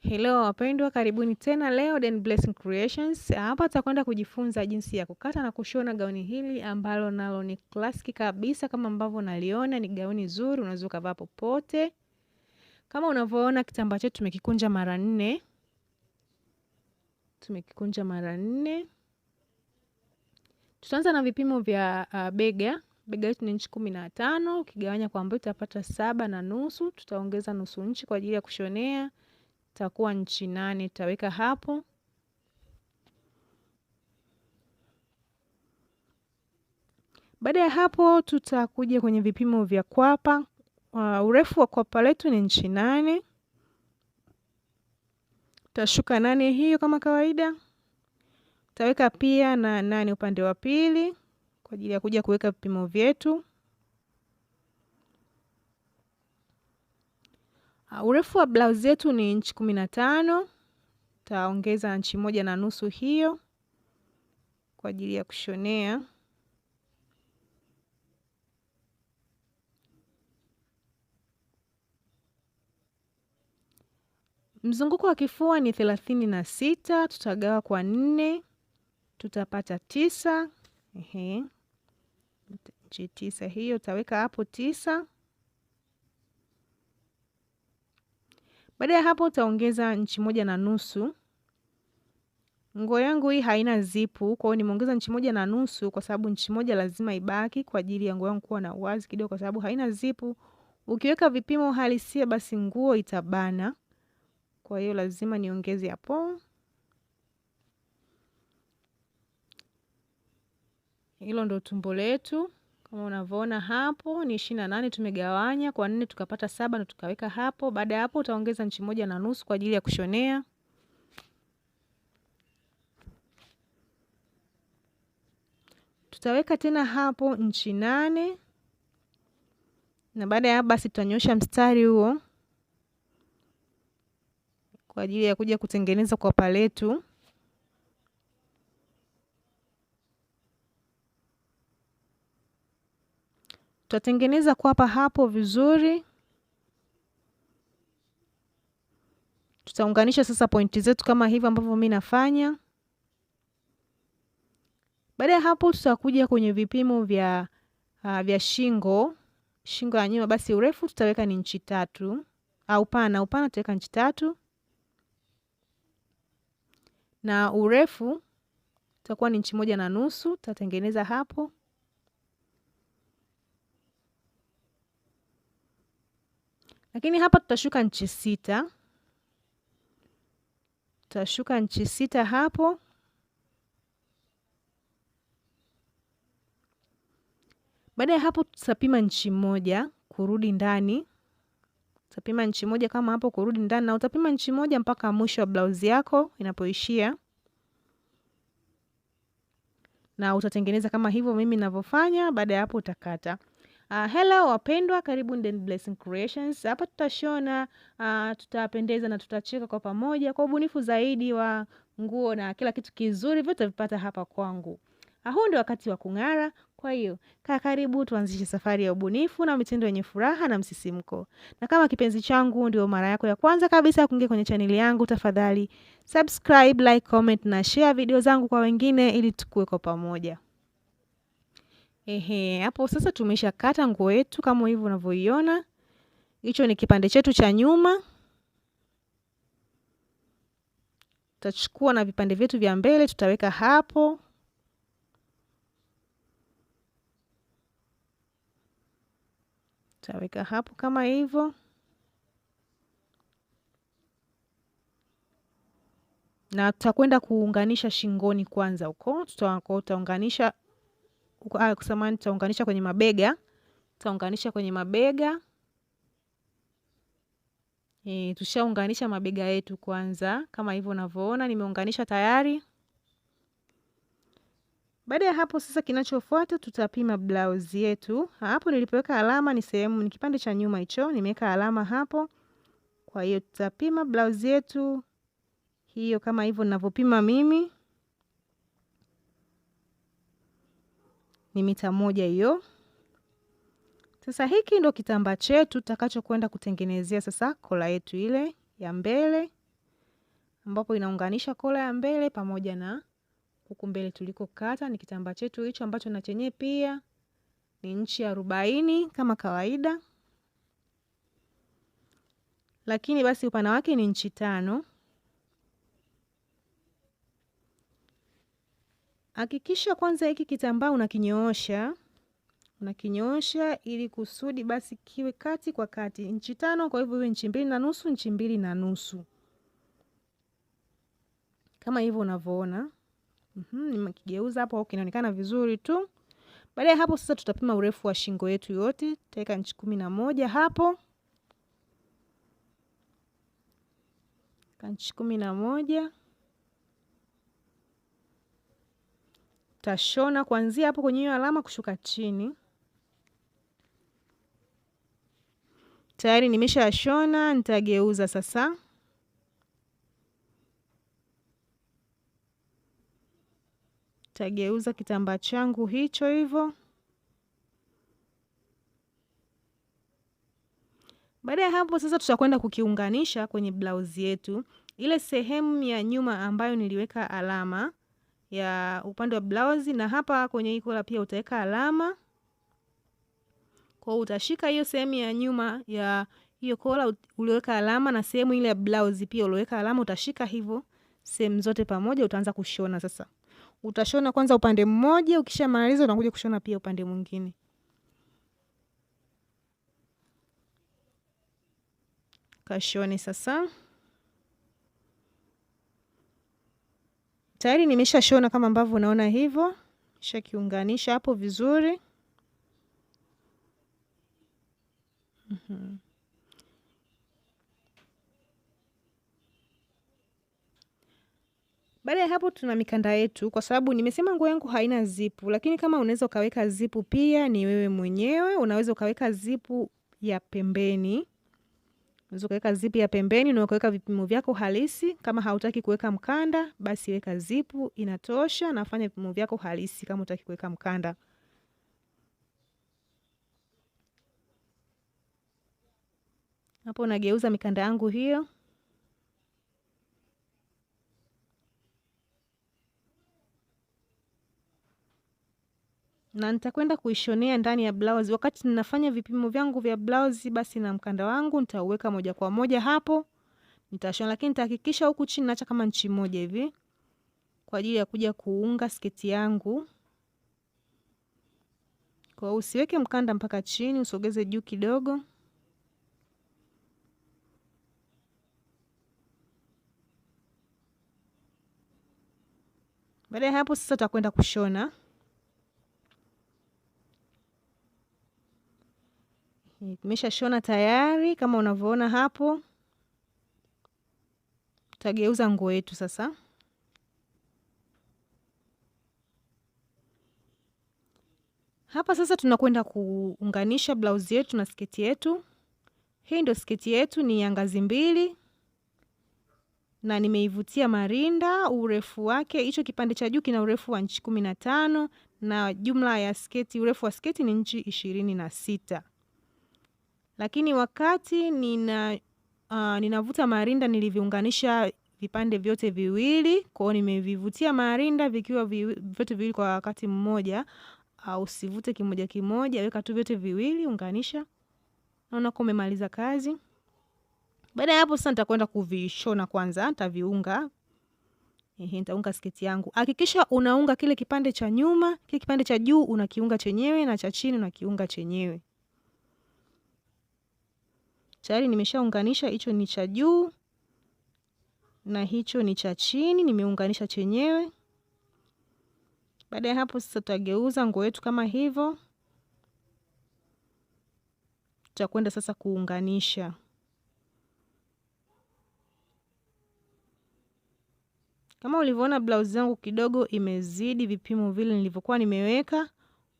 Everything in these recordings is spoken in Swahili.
Hello wapendwa, karibuni tena leo Den Blessing Creations. Hapa tutakwenda kujifunza jinsi ya kukata na kushona gauni hili ambalo nalo ni classic kabisa, kama ambavyo naliona ni gauni zuri, unaweza ukavaa popote. Kama unavyoona kitambaa chetu tumekikunja mara nne, tumekikunja mara nne. Tutaanza na vipimo vya uh, bega bega yetu ni inchi kumi na tano ukigawanya kwa mbili utapata saba na nusu. Tutaongeza nusu inchi kwa ajili ya kushonea takuwa nchi nane, nitaweka hapo Baada ya hapo tutakuja kwenye vipimo vya kwapa. Uh, urefu wa kwapa letu ni nchi nane, tashuka nane hiyo kama kawaida, taweka pia na nane upande wa pili kwa ajili ya kuja kuweka vipimo vyetu. Uh, urefu wa blouse yetu ni inchi kumi na tano. Taongeza inchi moja na nusu hiyo kwa ajili ya kushonea. Mzunguko wa kifua ni thelathini na sita, tutagawa kwa nne, tutapata tisa. Ehe, inchi tisa hiyo, utaweka hapo tisa. Baada ya hapo utaongeza nchi moja na nusu. Nguo yangu hii haina zipu, kwa hiyo nimeongeza nchi moja na nusu kwa sababu nchi moja lazima ibaki kwa ajili ya nguo yangu kuwa na uwazi kidogo, kwa sababu haina zipu. Ukiweka vipimo halisia, basi nguo itabana, kwa hiyo lazima niongeze hapo. Hilo ndo tumbo letu. Kama unavyoona hapo ni ishirini na nane tumegawanya kwa nne tukapata saba na tukaweka hapo. Baada ya hapo utaongeza nchi moja na nusu kwa ajili ya kushonea. Tutaweka tena hapo nchi nane na baada ya hapo basi tutanyosha mstari huo kwa ajili ya kuja kutengeneza kwapa letu. Tutatengeneza kwapa hapo vizuri. Tutaunganisha sasa pointi zetu kama hivi ambavyo mimi nafanya. Baada ya hapo, tutakuja kwenye vipimo vya, uh, vya shingo shingo ya nyuma. Basi urefu tutaweka ni inchi tatu au ah, pana, upana tutaweka inchi tatu na urefu utakuwa ni inchi moja na nusu. Tutatengeneza hapo Lakini hapa tutashuka nchi sita, tutashuka nchi sita hapo, baada ya hapo tutapima nchi moja kurudi ndani utapima nchi moja kama hapo kurudi ndani, na utapima nchi moja mpaka mwisho wa blauzi yako inapoishia, na utatengeneza kama hivyo mimi ninavyofanya. Baada ya hapo utakata. Uh, hello wapendwa, karibu Nden Blessing Creations. Hapa tutashona uh, tutapendeza na tutacheka kwa pamoja kwa ubunifu zaidi wa nguo na kila kitu kizuri vyote vipata hapa kwangu. Uh, huu ndio wakati wa kung'ara. Kwa hiyo kaa karibu, tuanzishe safari ya ubunifu na mitindo yenye furaha na msisimko. Na kama kipenzi changu ndio mara yako ya kwanza kabisa kuingia kwenye chaneli yangu, tafadhali subscribe, like, comment na share video zangu kwa wengine ili tukue kwa pamoja. Ehe, hapo sasa tumeshakata nguo yetu kama hivi unavyoiona. Hicho ni kipande chetu cha nyuma. Tutachukua na vipande vyetu vya mbele tutaweka hapo. Tutaweka hapo kama hivyo. Na tutakwenda kuunganisha shingoni kwanza huko. Tutaunganisha Ah, kusema nitaunganisha kwenye mabega, nitaunganisha kwenye mabega e, tushaunganisha mabega yetu kwanza kama hivyo unavyoona nimeunganisha tayari. Baada ya hapo sasa, kinachofuata tutapima blouse yetu. Hapo nilipoweka alama ni sehemu, ni kipande cha nyuma hicho, nimeweka alama hapo. Kwa hiyo tutapima blouse yetu hiyo kama hivyo ninavyopima mimi ni mita moja hiyo. Sasa hiki ndo kitambaa chetu tutakachokwenda kutengenezea sasa kola yetu ile ya mbele, ambapo inaunganisha kola ya mbele pamoja na huku mbele tulikokata. Ni kitambaa chetu hicho ambacho na chenye pia ni nchi arobaini kama kawaida, lakini basi upana wake ni nchi tano. Hakikisha kwanza hiki kitambaa unakinyoosha, unakinyoosha ili kusudi basi kiwe kati kwa kati, inchi tano. Kwa hivyo iwe inchi mbili na nusu, inchi mbili na nusu kama hivyo unavyoona. mm nimekigeuza hapo kinaonekana vizuri tu. Baada ya hapo sasa tutapima urefu wa shingo yetu yote, taeka inchi kumi na moja hapo ka inchi kumi na moja tashona kuanzia hapo kwenye hiyo alama kushuka chini. Tayari nimesha nitageuza sasa. Tageuza kitambaa changu hicho hivyo. Baada ya hapo sasa, tutakwenda kukiunganisha kwenye blauzi yetu, ile sehemu ya nyuma ambayo niliweka alama ya upande wa blouse, na hapa kwenye hii kola pia utaweka alama. Kwa utashika hiyo sehemu ya nyuma ya hiyo kola ulioweka alama na sehemu ile ya blouse pia ulioweka alama, utashika hivyo sehemu zote pamoja, utaanza kushona sasa. Utashona kwanza upande mmoja, ukishamaliza unakuja kushona pia upande mwingine. Kashone sasa. tayari nimeshashona kama ambavyo unaona hivyo, shakiunganisha hapo vizuri. Mhm. Baada ya hapo tuna mikanda yetu, kwa sababu nimesema nguo yangu haina zipu, lakini kama unaweza ukaweka zipu pia, ni wewe mwenyewe unaweza ukaweka zipu ya pembeni Unaweza ukaweka zipu ya pembeni na ukaweka vipimo vyako halisi. Kama hautaki kuweka mkanda, basi weka zipu inatosha, nafanya vipimo vyako halisi kama utaki kuweka mkanda. Hapo nageuza mikanda yangu hiyo na nitakwenda kuishonea ndani ya blauzi. Wakati ninafanya vipimo vyangu vya blauzi, basi na mkanda wangu nitauweka moja kwa moja hapo, nitashona, lakini nitahakikisha huku chini naacha kama nchi moja hivi kwa ajili ya kuja kuunga sketi yangu. Kwa usiweke mkanda mpaka chini, usogeze juu kidogo. Baada ya hapo sasa utakwenda kushona. Nimeshashona tayari kama unavyoona hapo. tageuza nguo yetu sasa. Hapa sasa tunakwenda kuunganisha blauzi yetu na sketi yetu. Hii ndio sketi yetu, ni ya ngazi mbili na nimeivutia marinda. Urefu wake, hicho kipande cha juu kina urefu wa nchi kumi na tano na jumla ya sketi, urefu wa sketi ni nchi ishirini na sita. Lakini wakati nina, uh, ninavuta marinda niliviunganisha vipande vyote viwili kwao, nimevivutia marinda vikiwa vyote viwili kwa wakati mmoja. Uh, usivute kimoja kimoja, weka tu vyote viwili, unganisha. Naona kuwa umemaliza kazi. Baada ya hapo sasa nitakwenda kuvishona kwanza, nitaviunga. Ehe, nitaunga sketi yangu. Hakikisha unaunga kile kipande cha nyuma, kile kipande cha juu unakiunga chenyewe na cha chini unakiunga chenyewe tayari nimeshaunganisha, hicho ni cha juu na hicho ni cha chini, nimeunganisha chenyewe. Baada ya hapo sasa, tutageuza nguo yetu kama hivyo, tutakwenda sasa kuunganisha. Kama ulivyoona blauzi yangu kidogo imezidi vipimo vile nilivyokuwa nimeweka,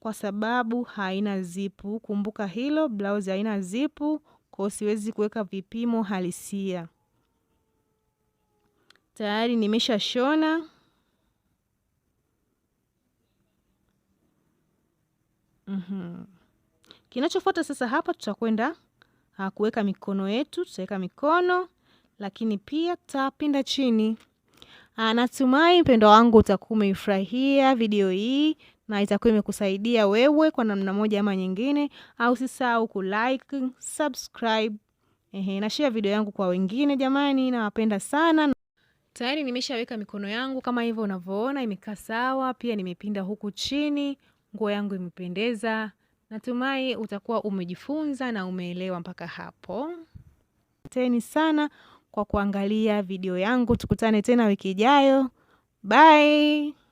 kwa sababu haina zipu. Kumbuka hilo, blauzi haina zipu kwa siwezi kuweka vipimo halisia. Tayari nimeshashona. Mhm. Kinachofuata sasa hapa tutakwenda ah, kuweka mikono yetu, tutaweka mikono lakini pia tutapinda chini. Ah, natumai mpendo wangu utakuwa umeifurahia video hii na itakuwa imekusaidia wewe kwa namna moja ama nyingine. Au sisahau kulike, subscribe, ehe, na share video yangu kwa wengine. Jamani, nawapenda sana. Tayari nimeshaweka mikono yangu kama hivyo unavyoona, imekaa sawa. Pia nimepinda huku chini, nguo yangu imependeza. Natumai utakuwa umejifunza na umeelewa mpaka hapo. teni sana kwa kuangalia video yangu, tukutane tena wiki ijayo. Bye.